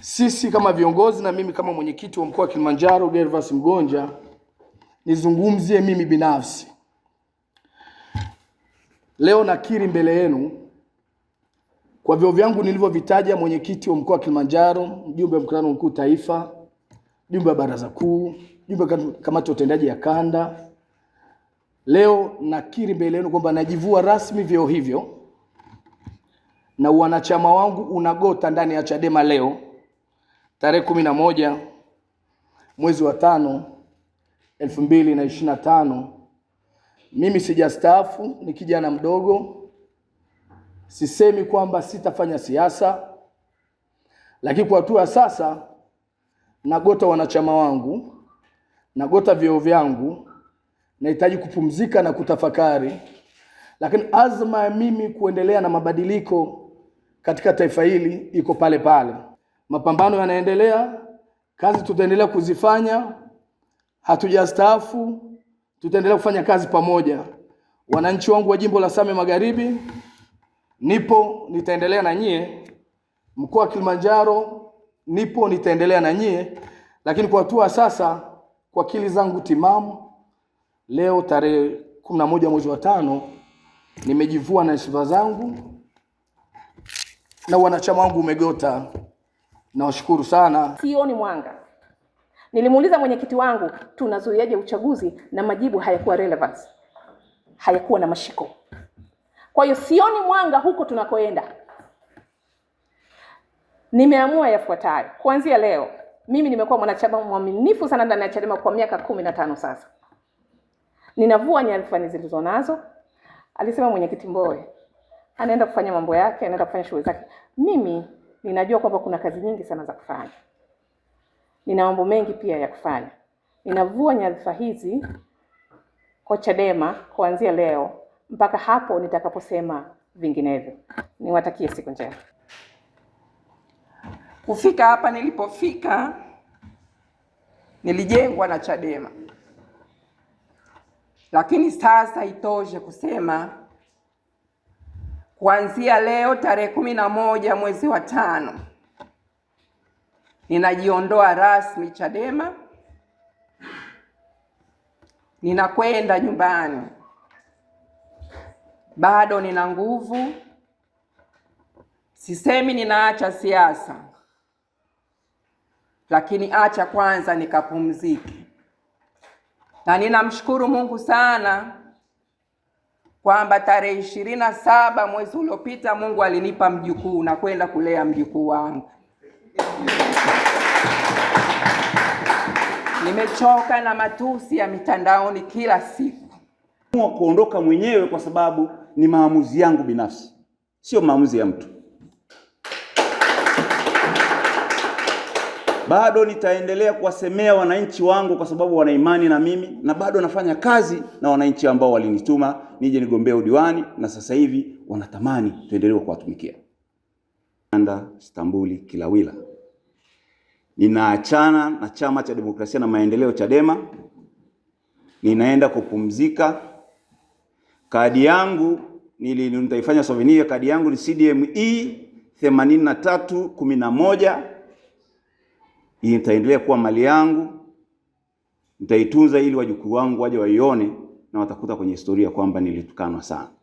sisi kama viongozi na mimi kama mwenyekiti wa mkoa wa Kilimanjaro Gervas Mgonja, nizungumzie mimi binafsi leo. Nakiri mbele yenu kwa vyo vyangu nilivyovitaja, mwenyekiti wa mkoa wa Kilimanjaro, mjumbe wa mkutano mkuu taifa, mjumbe wa baraza kuu, mjumbe wa kamati ya utendaji ya kanda. Leo nakiri mbele yenu kwamba najivua rasmi vyeo hivyo na wanachama wangu unagota ndani ya Chadema leo tarehe kumi na moja mwezi wa tano elfu mbili na ishirini na tano. Mimi sijastaafu, ni kijana mdogo. Sisemi kwamba sitafanya siasa, lakini kwa hatua sasa nagota wanachama wangu, nagota vyeo vyangu, nahitaji kupumzika na kutafakari, lakini azma ya mimi kuendelea na mabadiliko katika taifa hili iko pale pale mapambano yanaendelea, kazi tutaendelea kuzifanya, hatujastaafu, tutaendelea kufanya kazi pamoja. Wananchi wangu wa jimbo la Same Magharibi, nipo nitaendelea na nyie. Mkoa wa Kilimanjaro, nipo nitaendelea na nyie, lakini kwa hatua sasa, kwa akili zangu timamu, leo tarehe kumi na moja mwezi wa tano nimejivua na sifa zangu na wanachama wangu umegota Nawashukuru sana. Sioni mwanga. Nilimuuliza mwenyekiti wangu tunazuiaje uchaguzi, na majibu hayakuwa relevance, hayakuwa na mashiko. Kwa hiyo sioni mwanga huko tunakoenda. Nimeamua yafuatayo. Kuanzia leo, mimi nimekuwa mwanachama mwaminifu sana ndani ya Chadema kwa miaka kumi na tano sasa. Ninavua nyadhifa nilizo nazo. Alisema mwenyekiti Mbowe anaenda kufanya mambo yake, anaenda kufanya shughuli zake. Mimi Ninajua kwamba kuna kazi nyingi sana za kufanya, nina mambo mengi pia ya kufanya. Ninavua nyadhifa hizi kwa Chadema kuanzia leo mpaka hapo nitakaposema vinginevyo. Niwatakie siku njema. Kufika hapa nilipofika, nilijengwa na Chadema, lakini sasa itoshe kusema kuanzia leo tarehe kumi na moja mwezi wa tano ninajiondoa rasmi Chadema, ninakwenda nyumbani. Bado nina nguvu, sisemi ninaacha siasa, lakini acha kwanza nikapumzike, na ninamshukuru Mungu sana kwamba tarehe ishirini na saba mwezi uliopita Mungu alinipa mjukuu na kwenda kulea mjukuu wangu. Nimechoka na matusi ya mitandaoni kila siku. Kuondoka mwenyewe kwa sababu ni maamuzi yangu binafsi, sio maamuzi ya mtu. bado nitaendelea kuwasemea wananchi wangu kwa sababu wana imani na mimi, na bado nafanya kazi na wananchi ambao walinituma nije nigombea udiwani, na sasa hivi wanatamani tuendelee kuwatumikia. Anda Stambuli Kilawila, ninaachana na Chama cha Demokrasia na Maendeleo, Chadema. Ninaenda kupumzika. Kadi yangu nitaifanya souvenir, kadi yangu ni CDME 8311 hii itaendelea kuwa mali yangu, nitaitunza ili wajukuu wangu waje waione na watakuta kwenye historia kwamba nilitukanwa sana.